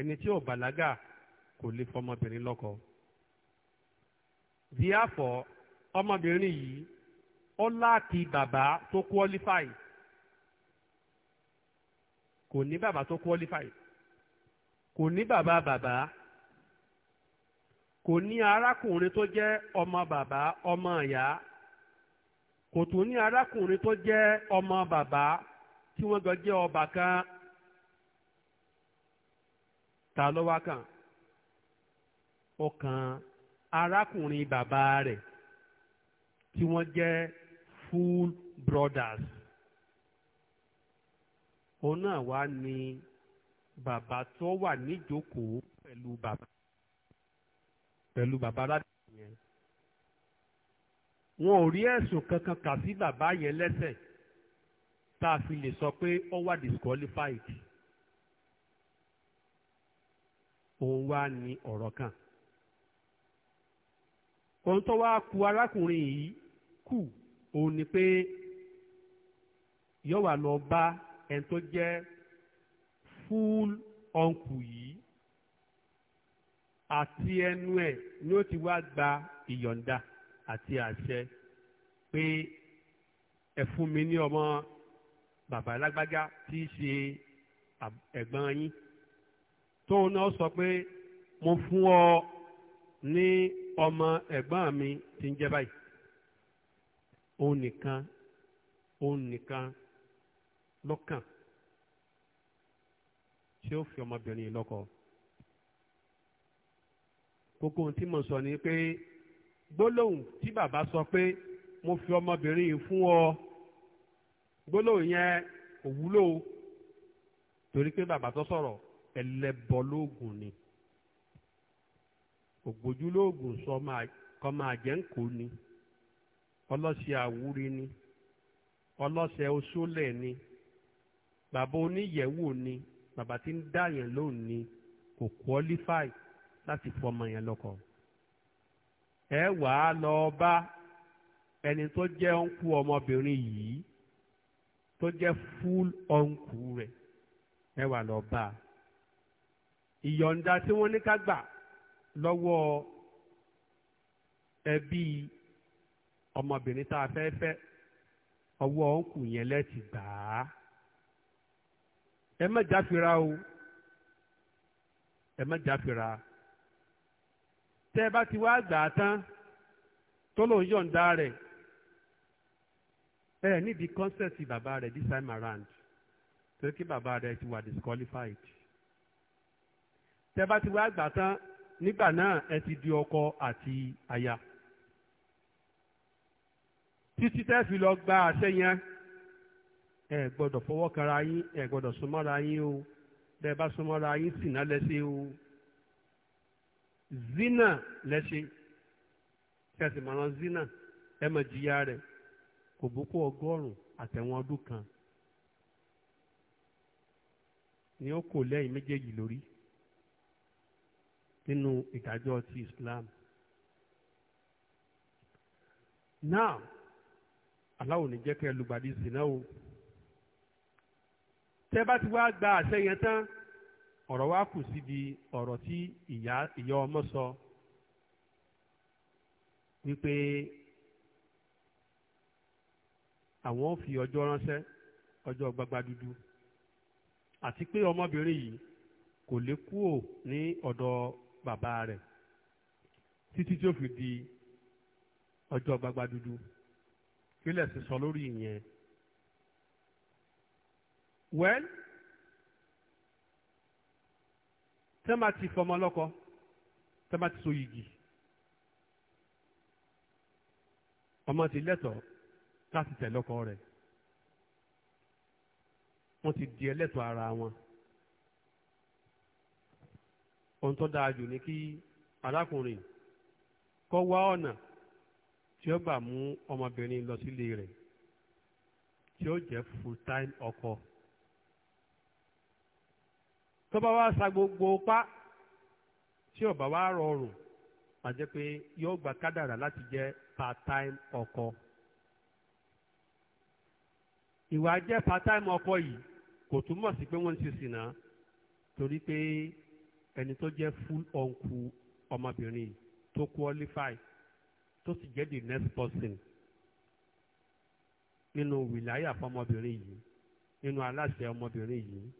ẹni tí ò bàlágà kò lè fọmọbìnrin lọ́kọ. díàfọ̀ ọmọbìnrin yìí ó láàkì bàbá tó qualify kò ní bàbá tó qualify kò ní bàbá bàbá kò ní arákùnrin tó jẹ́ ọmọ bàbá ọmọ ìyá kò tún ní arákùnrin tó jẹ́ ọmọ bàbá tí wọ́n jọ jẹ́ ọbàkan ta ló wá kàn ọkàn arákùnrin bàbá rẹ̀ tí wọ́n jẹ́ full brothers òun náà wá ní bàbá tó wà níjókòó pẹ̀lú bàbá pẹ̀lú bàbá aládùúgbò yẹn wọn ò rí ẹ̀sùn kankan kà sí bàbá yẹn lẹ́sẹ̀ tá a fi lè sọ pé ó wà disqualified. òun wá ní ọ̀rọ̀ kan ohun tó wá ku arákùnrin yìí kù òun ni pé yóò wá lọ bá ẹni tó jẹ́ fúl ọ̀nkù yìí àti ẹnu ẹ̀ ni ó ti wá gba ìyọ̀ǹda àti àṣẹ pé ẹ fún mi ní ọmọ bàbá lágbájá tí í ṣe ẹ̀gbọ́n yín tóun náà sọ pé mo fún ọ ní ọmọ ẹ̀gbọ́n mi tí ń jẹ́ báyìí òun nìkan òun nìkan lọ́kàn tí ó fi ọmọbìnrin yìí lọ́kọ. gbogbo ohun tí mo sọ ni pé gbólóhùn tí bàbá sọ pé mo fi ọmọbìnrin fún ọ gbólóhùn yẹn kò torí pé bàbá tó sọ̀rọ̀ ẹlẹ́bọlóògùn ni ògbójúlóògùn sọ kọ́ máa jẹ́ ń ni ọlọ́sẹ̀ àwúrí ni ọlọ́sẹ̀ oṣólẹ̀ ni bàbá oníyẹ̀wò ni bàbá tí ń dá yẹn lóhùn ni kò qualify láti fọmọ yẹn lọ́kọ ẹ wàá lọ bá ẹni tó jẹ́ ọ̀nkú ọmọbìnrin yìí tó jẹ́ full ọ̀nkú rẹ̀ ẹ wà lọ bá a. ìyọ̀ǹda tí wọ́n ní ká gbà lọ́wọ́ ẹbí ọmọbìnrin tá a fẹ́ fẹ́ ọwọ́ yẹn lẹ́tì gbà á ẹ o ẹ má jáfira tẹ́ ẹ bá ti wá gbà á tán tó lòun yọ̀ǹda rẹ̀ ẹ nídìí time around kí rẹ̀ ti wà disqualified. tẹ́ bá ti wá gbà tán nígbà náà ẹ ti di ọkọ àti aya títí tẹ́ fi lọ gba àṣẹ yẹn ẹ gbọ́dọ̀ fọwọ́ kara yín ẹ gbọ́dọ̀ súnmọ́ra yín o bẹ́ẹ̀ bá súnmọ́ra yín sìnà lẹ́sẹ̀ o zina lẹ́sẹ̀ kẹsì mọ̀ràn zina ẹ mọ̀ jìyà rẹ̀ kò bókó ọgọ́rùn-ún àtẹ̀wọ̀n ọdún kan ni ó kò lẹ́yìn méjèèjì lórí nínú ìdájọ́ ti Islam now aláwo ní jẹ́ kẹ́ ẹ lùgbàdì zina o tẹ́ bá ti wá gba àṣẹ yẹn tán ọ̀rọ̀ wa kù síbi ọ̀rọ̀ tí ìyá ọmọ sọ wípé àwọn fi ọjọ́ ránṣẹ́ ọjọ́ gbagba dúdú àti pé ọmọbìnrin yìí kò lè kúò ní ọ̀dọ̀ bàbá rẹ̀ títí tí ó fi di ọjọ́ gbagba dúdú kí lẹ̀ sì sọ lórí ìyẹn. wẹ́n tẹ́mà ti fọmọ lọ́kọ tẹ́mà ti so yìgì ọmọ ti lẹ́tọ̀ọ́ láti tẹ̀ lọ́kọ rẹ̀ wọ́n ti di ẹlẹ́tọ̀ọ́ ara wọn. ohun tó dáa jù ni kí arákùnrin kọ́ wá ọ̀nà tí ó gbà mú ọmọbìnrin lọ sílé rẹ̀ tí ó jẹ́ full time ọkọ tó bá wá sa gbogbo pa tí ó wá rọrùn àjẹ́ pé yóò gba kádàrà láti jẹ́ part time ọkọ ìwà jẹ́ part time ọkọ yìí kò túmọ̀ sí pé wọ́n ti ṣe sìnà torí pé ẹni tó jẹ́ full uncle ọmọbìnrin tó qualify tó sì jẹ́ the next person nínú wìláyà fọmọbìnrin yìí nínú aláṣẹ ọmọbìnrin yìí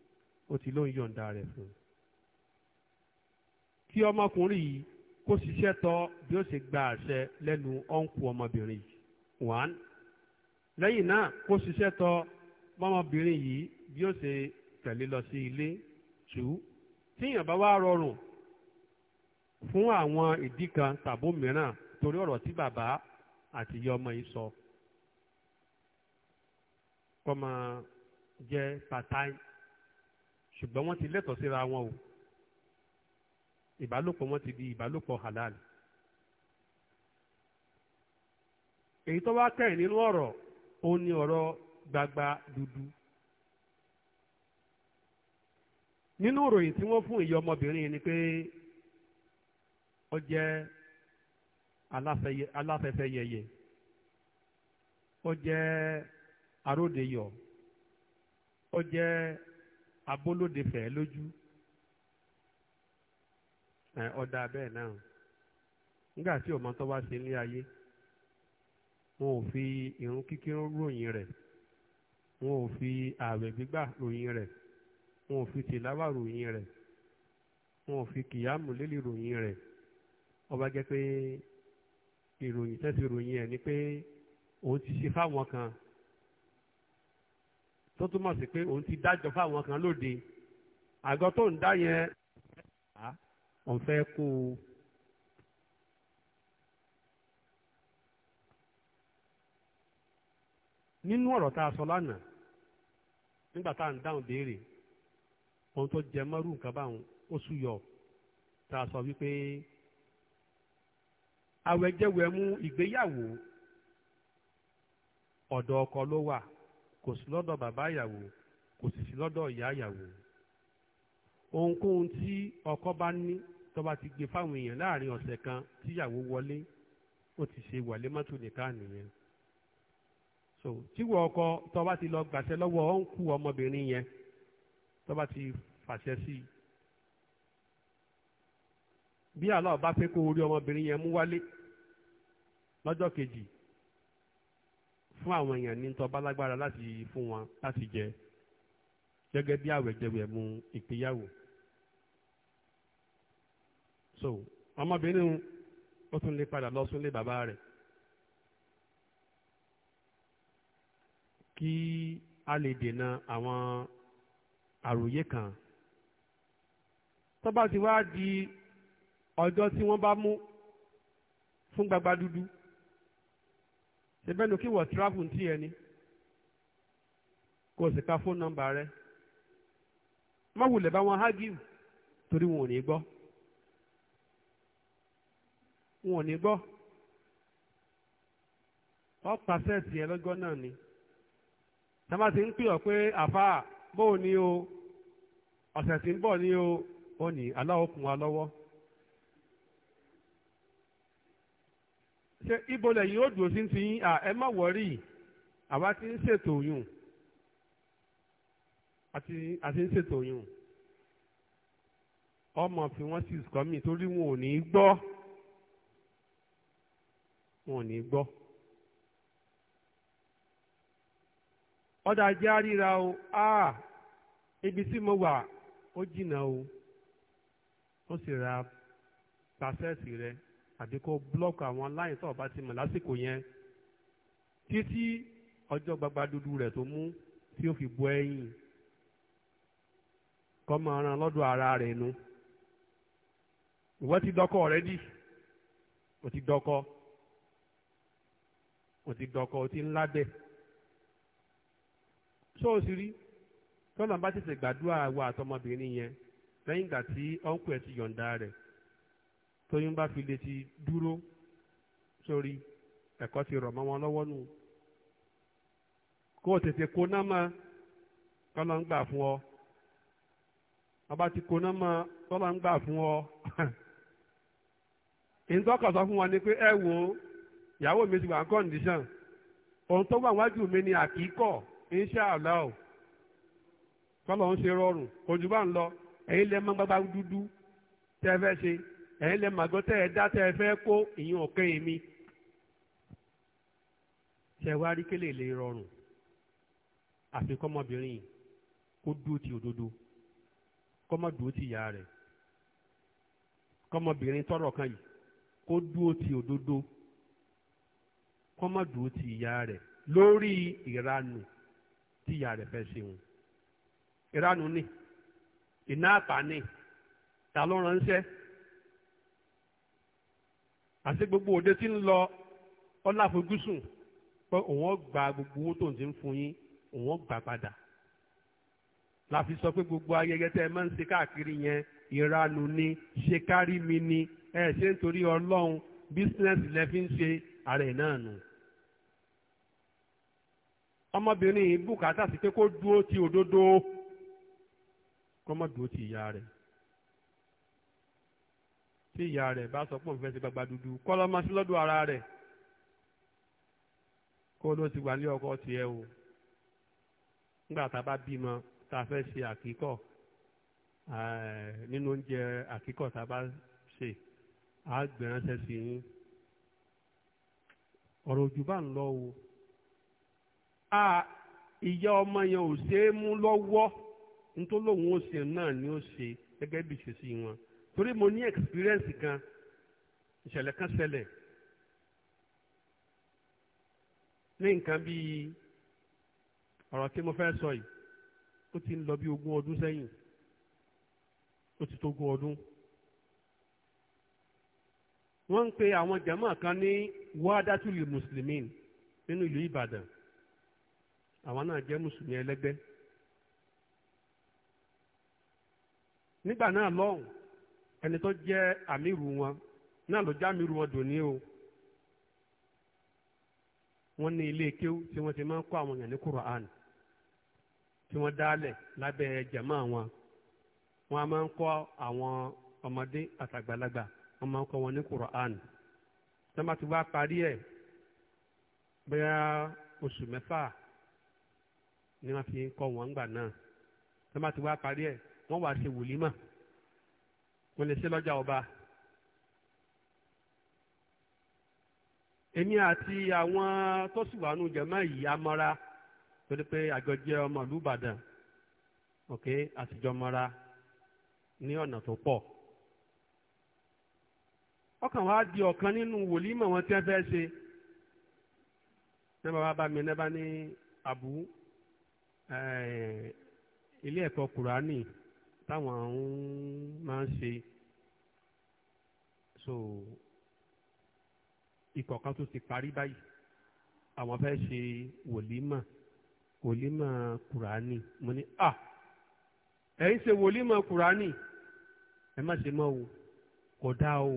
ó ti ló ń yọ̀ǹda rẹ̀ fún un. kí ọmọkùnrin yìí kó ṣiṣẹ́ tọ bí ó ṣe gba àṣẹ lẹ́nu ọ̀nkù ọmọbìnrin yìí one lẹ́yìn náà kó ṣiṣẹ́ tọ bọ́mọbìnrin yìí bí ó ṣe tẹ̀lé lọ sí ilé two tíyàn bá wá rọrùn fún àwọn ìdí kan tàbó mìíràn torí ọ̀rọ̀ tí bàbá àti ìyá ọmọ yìí sọ kọ́ máa jẹ́ part-time ṣùgbọ́n wọ́n ti lẹ́tọ̀ọ́ síra wọn o ìbálòpọ̀ wọn ti di ìbálòpọ̀ halal èyí tó wá kẹ́yìn nínú ọ̀rọ̀ ó ní ọ̀rọ̀ gbagba dúdú nínú ìròyìn tí wọ́n fún ìyá ọmọbìnrin ni pé ó jẹ́ yẹyẹ ó jẹ́ aródeyọ̀ ó jẹ́ abólódefẹ̀ lójú ẹ ọ̀dà bẹ́ẹ̀ náà nígbà tí ọmọ tó wá sí ilé ayé wọn ò fi irun kíkí ròyìn rẹ̀ wọn ò fi ààwẹ̀ gbígbà ròyìn wọn ò fi tìláwà ròyìn rẹ̀ wọn ò fi kìyàmù lélẹ ròyìn rẹ̀ ọba jẹ́ pé ìròyìn tẹsí ròyìn ẹ̀ ni pé òun ti ṣe fáwọn kan tó túmọ̀ sí pé òun ti dájọ́ fáwọn kan lóde àgọ́ tó ń dá yẹn òun fẹ́ kó o. nínú ọ̀rọ̀ tá a sọ lánàá nígbà tá à ń dáhùn béèrè ohun tó jẹ mọ́rú nǹkan báwọn ó súyọ tá a sọ wípé awẹ́jẹ́wẹ́mú ìgbéyàwó ọ̀dọ̀ ọkọ ló wà kò sí lọ́dọ̀ bàbá ìyàwó kò sì sí lọ́dọ̀ ìyá ìyàwó ohunkóhun tí ọkọ bá ní tó ti gbé fáwọn èèyàn láàrin ọ̀sẹ̀ kan tíyàwó wọlé ó ti ṣe wọlé mọ́tò nìkan nìyẹn so tíwọ ọkọ tó bá ti lọ gbàṣẹ lọ́wọ́ ó ń kú ọmọbìnrin yẹn tó bá ti fàṣẹ sí i bí Allah bá fẹ́ kó orí ọmọbìnrin yẹn mú wálé lọ́jọ́ kejì fún àwọn èèyàn ní tó bá lágbára láti fún wọn láti jẹ gẹ́gẹ́ bí àwẹ̀jẹwẹ̀ mu ìgbéyàwó so ọmọbìnrin ó tún lè padà lọ sún lé bàbá rẹ̀ kí a lè dènà àwọn àròyé kan tó ti wá di ọjọ́ tí wọ́n bá mú fún gbagba dúdú ṣebẹ́nu kí wọ́n travel tí ẹni kò sì ka fóònù nọ́mbà rẹ má wulẹ̀ bá wọn hágìrì torí wọn ò ní gbọ́ wọn ò ní gbọ́ ọ pàṣẹ tiẹ̀ lọ́jọ́ náà ni tá a bá ti ń pè ọ́ pé àfáà. bóò ni o ọ̀sẹ̀ tí ń bọ̀ ni o ó ní aláwọ̀ kún wa lọ́wọ́. ṣe ibo lẹ́yìn ó dùn sí ti yín à ẹ má wọ́rí àwa ti ń ṣètò yùn àti àti ń ṣètò yùn ọmọ fi wọ́n sì kọ́ mi torí wọn ò ní gbọ́ wọn ò ní gbọ́. ọ̀dà jẹ́ àríra o aa ah, ibi tí mo wà ó jìnnà o ó sì ra pàṣẹ́sì rẹ àbí kó búlọ́ọ̀kì àwọn aláìn tó ti mọ̀ yẹn títí ọjọ gbagba dúdú rẹ̀ tó mú tí ó fi bu ẹ̀yìn kọ́ máa ara rẹ nu ìwọ ti dọ́kọ already o ti dọkọ, o ti dọkọ o ti ńlá ṣóòsì rí tọ́lá bá tètè gbàdúrà wa àtọmọbìnrin yẹn lẹ́yìn ìgbà tí ọ̀nkù ẹ̀ ti yọ̀ǹda rẹ̀ tóyún bá fi lè ti dúró sórí ẹ̀kọ́ ti rọ̀ mọ́ wọn lọ́wọ́ nù kó o tètè kó náà máa tọ́lá ń ọ ọba ti kó náà máa tọ́lá ń ọ inṣàlá o tọ́lọ̀ ń ṣe rọrùn ojú bá ń lọ ẹ̀yin lẹ máa gbágbá dúdú tẹ́ ẹ fẹ́ ṣe ẹ̀yin lẹ màgọ́ tẹ́ ẹ dá tẹ́ ẹ fẹ́ kó ìyẹn ọ̀kẹ́ yìí mi ṣe wá rí kélé lè rọrùn àfi kọ́mọbìnrin kó dúró ti òdodo kọ́mọ dúró ti ìyá rẹ̀ kọ́mọbìnrin tọ́rọ̀ kan yìí kó dúró ti òdodo kọ́mọ dúró ti ìyá rẹ̀ lórí ìranù tí ìyá rẹ̀ fẹ́ ṣe wọn. ìránù ni iná àpá ni ta ló ránṣẹ́ àti gbogbo òde tí ń lọ ọláfojúsùn pé òun ó gba gbogbo owó tó ń ti ń fún yín òun ó gbà padà la fi sọ pé gbogbo ayẹyẹ tẹ ẹ máa ń ṣe káàkiri yẹn ìránù ni ṣe kárí mi ni ẹ ṣe ń torí ọlọ́run bísínẹ́sì lẹ ń ṣe ààrẹ náà nù. No ọmọbìnrin yìí bùkátà sí pé kó dúró ti òdodo kó má ti ìyá rẹ̀ tí ìyá rẹ̀ bá sọ pé òun fẹ́ gbagba dúdú kọ́ máa sí lọ́dọ̀ ara rẹ̀ kó ti wà ní ọkọ tiẹ̀ o nígbà tá a bá bímọ tá a fẹ́ ṣe àkíkọ̀ nínú oúnjẹ tá a o. a ìyá ọmọ yẹn ò ṣe é mú lọ́wọ́ nítorí lòun náà ni ó ṣe gẹ́gẹ́ bí ṣe sí wọn torí mo ní experience kan ìṣẹ̀lẹ̀ kan ṣẹlẹ̀ ní nǹkan bíi ọ̀rọ̀ tí mo fẹ́ sọ yìí ó ti ń lọ bí ogún ọdún sẹ́yìn ó ti tó ogún ọdún wọ́n ń pe àwọn jàmáà kan ní wàdátùlì mùsùlùmí nínú ìlú Ìbàdàn àwọn náà jẹ́ mùsùlùmí ẹlẹ́gbẹ́ nígbà náà lọ́hùn ẹni tó jẹ́ àmírù wọn náà ló jẹ́ àmírù wọn dòní o wọ́n ní ilé kéwú tí wọ́n ti máa ń kọ́ àwọn èèyàn ní Kùránì tí wọ́n dálẹ̀ lábẹ́ jàmá wọn wọ́n máa ń kọ́ àwọn ọmọdé àtàgbàlagbà wọ́n máa ń kọ́ wọn ní Kùránì tí wọ́n bá ti wá parí ẹ̀ bóyá oṣù mẹ́fà ni wọ́n fi ń kọ́ wọn ńgbà náà wọ́n bá ti wá parí ẹ̀ wọ́n wá ṣe wòlímà wọ́n lè ṣe lọ́jà ọba. èmi àti àwọn tó sì wà nù jẹ̀mọ́ yìí amọ́ra torí pé àjọ jẹ́ ọmọ ìlú Ìbàdàn òkè àtijọ́ mọ́ra ní ọ̀nà tó pọ̀ ọkàn wa di ọ̀kan nínú wòlímọ̀ wọn tí fẹ́ ṣe ní bàbá bá mi ní bá ní àbú Eh, ilé ẹ̀kọ́ kùránì táwọn máa ń ṣe so ikọ̀ kan tó ti parí báyìí àwọn fẹ́ ṣe wòlímà wòlímà kùránì mo ní à ẹ̀ ń ṣe wòlímà kùránì ẹ má ṣe mọ́ o kò dáa o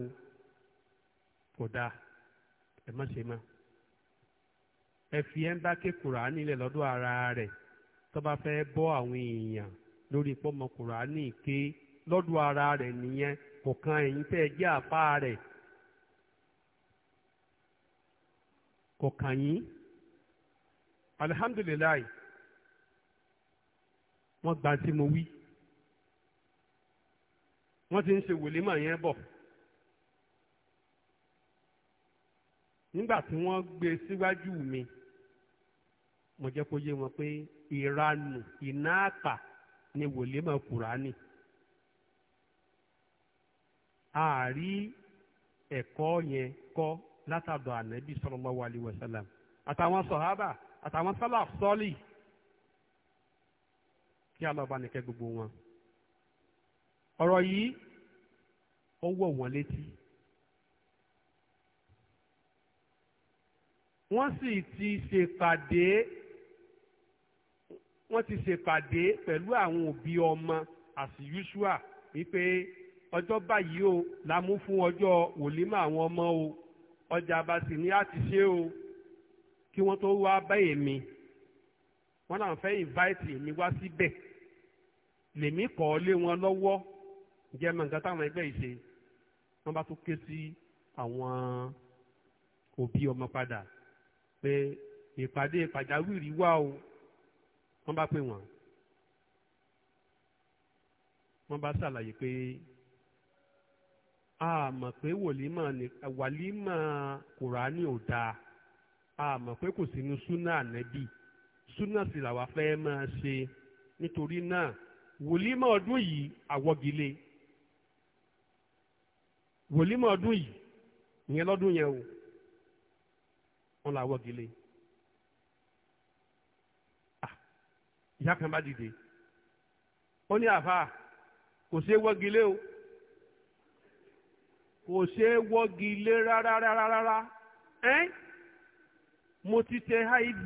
kò dáa ẹ má ṣe mọ́ ẹ fi ẹ́ ń bá kùránì lẹ̀ lọ́dọ̀ ara rẹ̀ tó bá fẹ́ bọ́ àwọn èèyàn lórí pọ́mọ kùránì ké lọ́dọ̀ ara rẹ̀ nìyẹn kò kan ẹ̀yin tẹ́ ẹ jẹ́ àpá rẹ̀ kò kàn yín alihamdulilayi wọ́n gba tí mo wí wọ́n ti ń ṣe wòlímọ̀ yẹn bọ̀ nígbà tí wọ́n gbé síwájú mi. Si mo jẹ́ kó yé wọn pé ìranù iná àpà ni wòlímọ̀ kùránì àárí ẹ̀kọ́ yẹn kọ́ látàdọ̀ ànábì sallallahu alaihi wasallam àtàwọn sọ̀hábà àtàwọn sálàf sọ́ọ̀lì kí alọ́ba nìkẹ́ gbogbo wọn. ọ̀rọ̀ yìí ó wọ̀ wọ́n létí. wọ́n sì ti ṣèpàdé wọ́n ti ṣèpàdé pẹ̀lú àwọn òbí ọmọ as usual wípé ọjọ́ báyìí o la mú fún ọjọ́ wòlímọ̀ àwọn ọmọ o ọjà abasi ni a ti ṣe o kí wọ́n tó wá bá èmi wọ́n náà fẹ́ invite èmi wá síbẹ̀ lèmi kọ́ ọ lé wọn lọ́wọ́ jẹ́ mọ̀ nǹkan táwọn ẹgbẹ́ yìí ṣe wọ́n bá tún ké sí àwọn òbí ọmọ padà pé ìpàdé pàjáwìrì wà o wọ́n bá pè wọ́n wọ́n bá ṣàlàyé pé a mọ̀ pé wòlímọ̀ ní wàlímọ̀ kùránì ò dáa a mọ̀ pé kò sínú súnà ànẹ́bì súnà sì làwa fẹ́ máa ṣe nítorí náà wòlímọ̀ ọdún yìí àwọ́gilé wòlímọ̀ ọdún yìí ìyẹn lọ́dún yẹn o wọ́n làwọ́gilé. ìyá kan bá dìde ó ní àfáà kò ṣeé wọ́gi lé o kò ṣeé wọ́gi lé rárá rárá rárá ẹ́n mo ti tẹ iv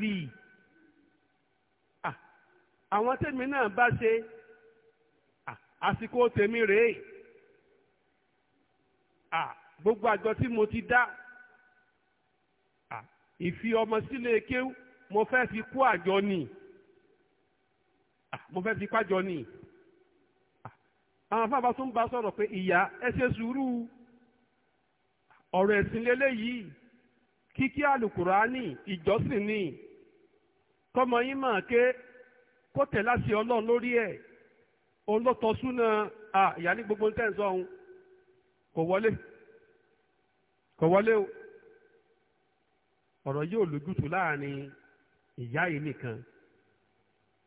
ah, àwọn tèmi náà bá ṣe ah, àsìkò tèmi rèé ah, gbogbo àjọ tí mo ti dá ìfi ọmọ sílé kéwú mo fẹ́ fi kú àjọ ni. Ah, mo fẹ́ fi pájọ ni ah, àwọn afáàbá tó ń bá sọ̀rọ̀ pé ìyá ẹ ṣe sùúrù ọ̀rọ̀ ẹ̀sìn lélẹ́yìí kíkí àlùkùránì ìjọsìn ni kọ́mọ yín mà ké kó tẹ̀ láti ọlọ́run lórí ẹ̀ òun ló tọ́ súnà à ìyá ní gbogbo tẹ́ ń sọ òun kò wọlé kò wọlé o ọ̀rọ̀ yóò lójútùú láàrin ìyá yìí nìkan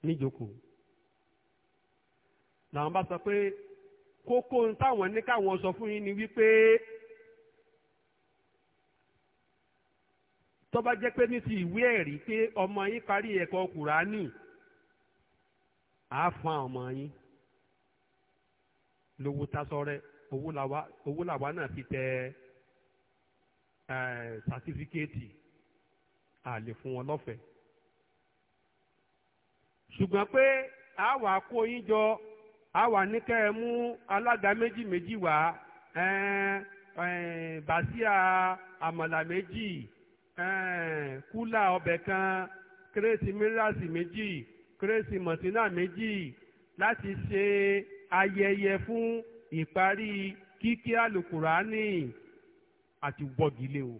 níjókòó làwọn bá sọ pé kókó ń táwọn ní káwọn sọ fún yín ni wípé tó bá jẹ́ pé ní ti ìwé ẹ̀rí pé ọmọ yín parí ẹ̀kọ́ kùránì àá fún ọmọ yín lówó tasọ́rẹ́ owó làwa náà fi tẹ sátífíkẹ́ẹ̀tì àlè fún wọn lọ́fẹ̀ẹ́ ṣùgbọ́n pé àá kó yín jọ a wà ní kẹ́ ẹ mú alága méjì méjì wá bàṣíà àmàlà méjì kúlà ọbẹ̀ kan kérésì mírasì méjì kérésì mọ̀tínà méjì láti ṣe ayẹyẹ fún ìparí kíkí àlùkùránì àti wọ́gilé o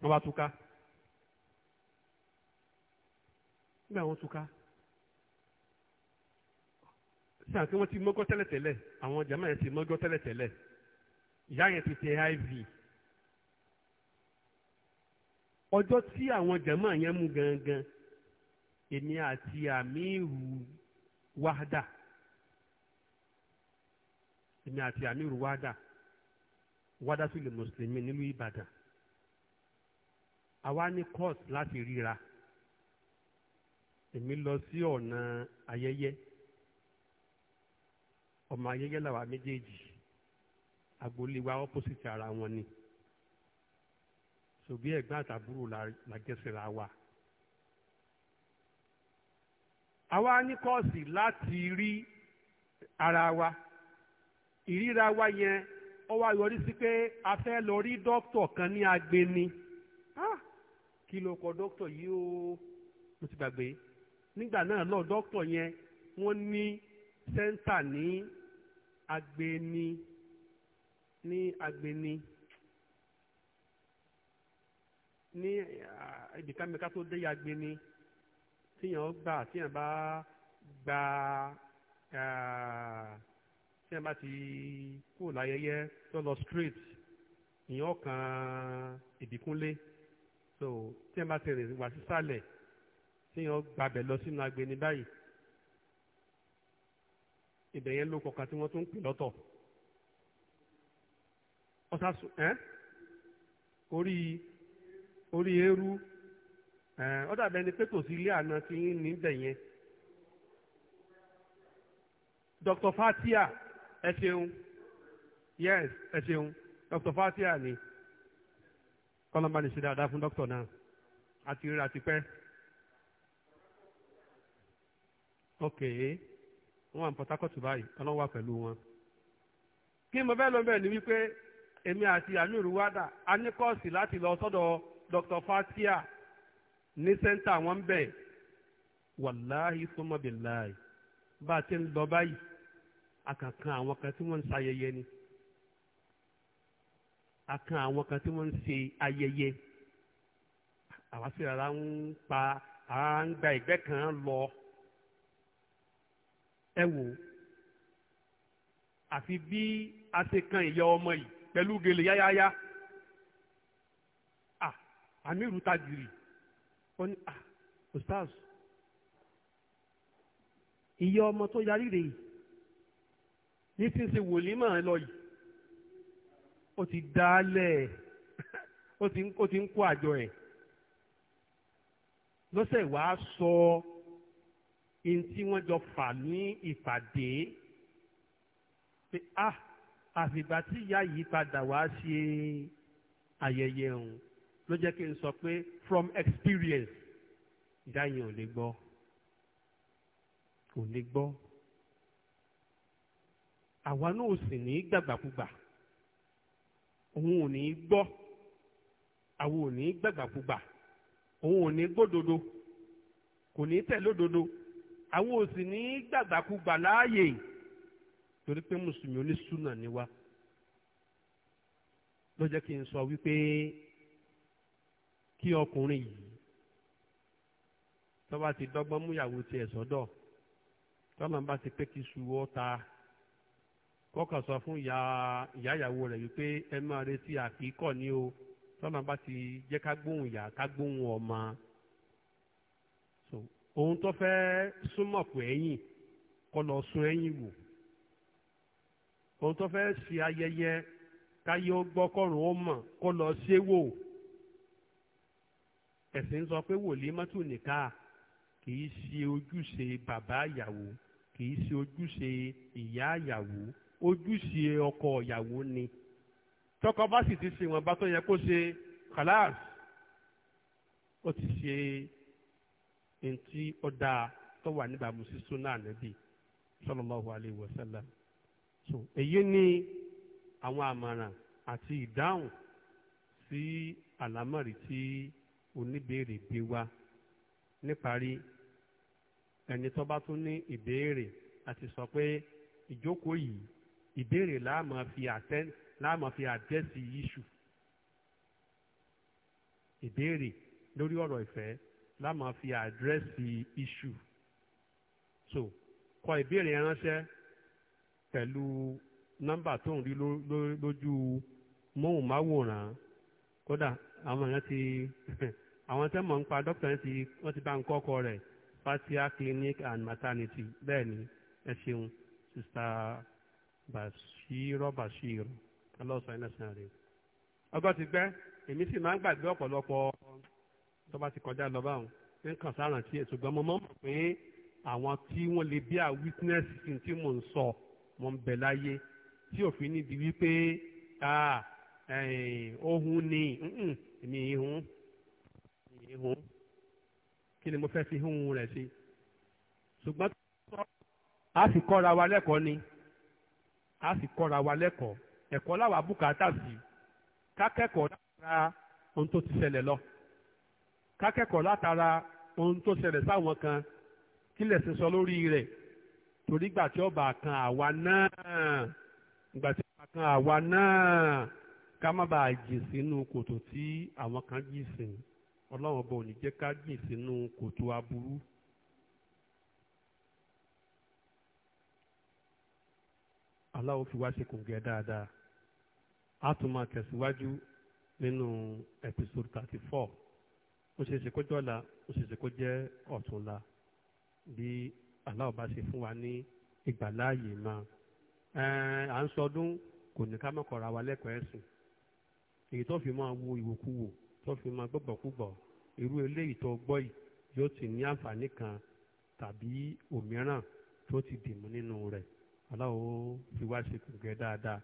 wọ́n bá túká sàn kí wọ́n ti mọ́gọ́ tẹ́lẹ̀tẹ́lẹ̀ àwọn jàmá yẹn ti mọ́gọ́ tẹ́lẹ̀tẹ́lẹ̀ ìyá yẹn ti tẹ iv ọjọ́ tí àwọn jàmá yẹn mú gangan èmi àti àmírù wáhádà èmi àti àmírù wáhádà wáhádà tó lè mùsùlùmí nílùú ìbàdàn àwa ní court láti ríra èmi lọ sí ọ̀nà ayẹyẹ. ọmọ ayẹyẹ làwa méjèèjì agboolé wa opposite ara wọn ni sòbí ẹ̀gbọ́n àtàbúrò la jẹ́sẹ̀ra wa. àwa ní kọ́ọ̀sì láti rí ara wa ìríra wa yẹn ó wá yọrí sí pé a fẹ́ lọ rí dókítọ̀ kan ní ni ah! kí ló kọ dókítọ̀ yìí ó mo ti gbàgbé nígbà náà lọ dókítọ̀ yẹn wọ́n ní sẹ́ńtà ní agbeni ní agbeni ní ibìkámẹ́ká tó dé agbeni tíyàn gbà tíyàn bá gba tíyàn bá ti kú láyẹyẹ tó lọ straight ìyàn kan ìdíkúnlé so tíyàn bá ti rìn wá sísàlẹ̀ tíyàn gbàbẹ̀ lọ sínú agbeni báyìí ibẹ̀ yẹn ló kọ̀ọ̀kan tí wọ́n tún ń pè lọ́tọ̀ ọ̀sàsùn ẹ́ orí orí eérú ẹ̀ ọ̀dàbẹ̀ ni pé ilé àná tí yín níbẹ̀ yẹn Dr. Fatia ẹ ṣeun yes ẹ ṣeun Dr. Fatia ni kọ́lọ́mbà ní ṣe dáadáa fún dókítà náà àti rírà ti pẹ́. okay wọ́n wà ní Port Harcourt báyìí ọlọ́wà pẹ̀lú wọn. kí mo fẹ́ lọ bẹ́ẹ̀ ni wípé èmi àti amiru wada a ní kọ́ọ̀sì láti lọ sọ́dọ̀ Dr. Fatia ní sẹ́ńtà wọn bẹ̀ wàláhi sọmọbìláì bá a ti ń lọ báyìí àkànkan àwọn kan tí wọ́n ń ṣayẹyẹ ni àkàn àwọn kan tí wọ́n ń ṣe ayẹyẹ àwa sì rárá ń pa àá gba ìgbẹ́ kan lọ ẹ wò ó àfi bí a ṣe kan ìyá ọmọ yìí pẹ̀lú gèlè yáyáyá ah amiru tajiri ó ní ah ustaz ìyá ọmọ tó yarí rèé ní tí ń ṣe wòlímọ̀ ẹ lọ yìí ó ti dálẹ̀ ó ti ń kó àjọ ẹ̀ lọ́sẹ̀ wàá sọ. So, in tí wọ́n jọ fà ní ìpàdé pé ah àfìgbà tí ìyá yìí padà wá ṣe ayẹyẹ òun ló jẹ́ kí n sọ pé from experience ìyá yẹn ò lè gbọ́ kò lè gbọ́ àwa náà sì ní gbàgbàkúgbà òun ò ní gbọ́ àwọn ò ní gbàgbàkúgbà òun ò ní gbódodo kò ní tẹ̀lódodo. àwọn ò sì ní gbàgbàkúgbà láàyè torí pé mùsùlùmí onísùnà ni ló jẹ́ kí n sọ wípé kí ọkùnrin yìí tó ti dọ́gbọ́n múyàwó ti ẹ̀sọ́dọ̀ tọ́lọ́n bá ti pé kí su sọ fún ìyá rẹ̀ wípé ẹ máa retí òun tó fẹ́ súnmọ̀kù ẹ̀yìn kó lọ sun ẹ̀yìn wò òun tó fẹ́ ṣe ayẹyẹ káyé ó gbọ́ kọ́rùn ó mọ̀ kó lọ ṣe wò ẹ̀sìn sọ pé wòlímọ́tò nìka kì í ṣe ojúṣe bàbá ìyàwó kì í ṣe ojúṣe ìyá ìyàwó ojúṣe ọkọ ìyàwó ni tọkọ bá sì ti ṣe ìwọ̀nba tó yẹ kó ṣe kàláàsì ó ti ṣe ntí ọ̀dà tó wà níbàámu sí sunnah ànábì sallallahu alayhi wa sallam so èyí ni àwọn àmọ̀ràn àti ìdáhùn sí àlámọ̀rí tí oníbèrè gbé wá níparí ẹni tó bá tún ní ìbéèrè àti sọ pé ìjókòó yìí ìbéèrè la máa fi àtẹ́ la máa fi àdẹ́sì issue ìbéèrè lórí ọ̀rọ̀ ìfẹ́ la máa fi àdírẹ́sì issue so kọ ìbéèrè ránṣẹ́ pẹ̀lú nọ́mbà tó ń rí lójú móhùnmáwòrán kódà àwọn èèyàn ti àwọn tẹ́ mọ̀ ń pa dókítà yẹn ti wọ́n ti bá ń kọ́kọ́ rẹ̀ fatia clinic and maternity bẹ́ẹ̀ ni ẹ ṣeun sista bashiro bashiro ọlọ́sàn-án ẹ̀sìn rẹ̀ ọgbọ́n ti gbẹ́ èmi sì máa ń gbàgbé ọ̀pọ̀lọpọ̀ tó bá ti kọjá lọ báwọn ní kàn sáràn tí èso gan mo mọ̀ pé àwọn tí wọ́n lè bí a witness sí tí mò ń sọ mo ń bẹ̀ láyé tí òfin ní di wípé ohun ni èmi ìhun ìhun kí ni mo fẹ́ fi hún rẹ̀ sí ṣùgbọ́n a sì kọ́ra wa lẹ́kọ̀ọ́ ni a sì kọ́ra wa lẹ́kọ̀ọ́ ẹ̀kọ́ láwa bùkátà sí kákẹ́kọ̀ọ́ lára ohun tó ti ṣẹlẹ̀ lọ. kákẹ́kọ̀ọ́ látara ohun tó ṣẹlẹ̀ sáwọn kan kílẹ̀ ṣe sọ lórí rẹ̀ torí gbà tí kan àwa náà gbà tí ó kan àwa náà ká má bàa jìn sínú kòtò tí àwọn kan jìn sìn ọlọ́run bò ní jẹ́ ká jìn sínú kòtò aburú. aláwo fi wá ṣe kòǹgẹ́ dáadáa a tún máa tẹ̀síwájú nínú episode thirty four. ó ṣe é ṣe kó jọ́la ó ṣe é ṣe kó jẹ́ ọ̀túnla bí aláwọ̀ bá ṣe fún wa ní ìgbàláàyè máa à ń sọdún kò ní ká má kọ̀ra wa lẹ́kọ̀ọ́ ẹ̀sìn èyí tó fi máa wo ìwòkuwò tó fi máa gbọ́gbọ̀kúgbọ̀ irú eléyìí tó gbọ́ yìí yóò ti ní àǹfààní kan tàbí òmíràn tó ti dìmú nínú rẹ̀ aláwo fi wá ṣe kùgẹ́ dáadáa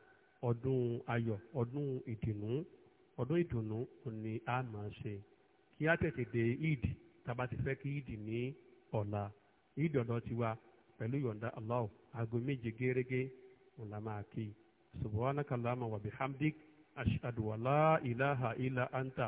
ọdún ayọ̀ ọdún ìdùnnú ọdún ìdùnnú òní a máa ṣe kí á tètè dé Eid tàbá ti fẹ́ kí Eid ní ọ̀la Eid ọ̀dọ̀ tiwa pẹ̀lú yọ̀ǹda Allah aago méje gẹ́rẹ́gẹ́ ńlá máa kí subhanaka Allahumma wa bihamdik ashhadu wa la ilaha illa anta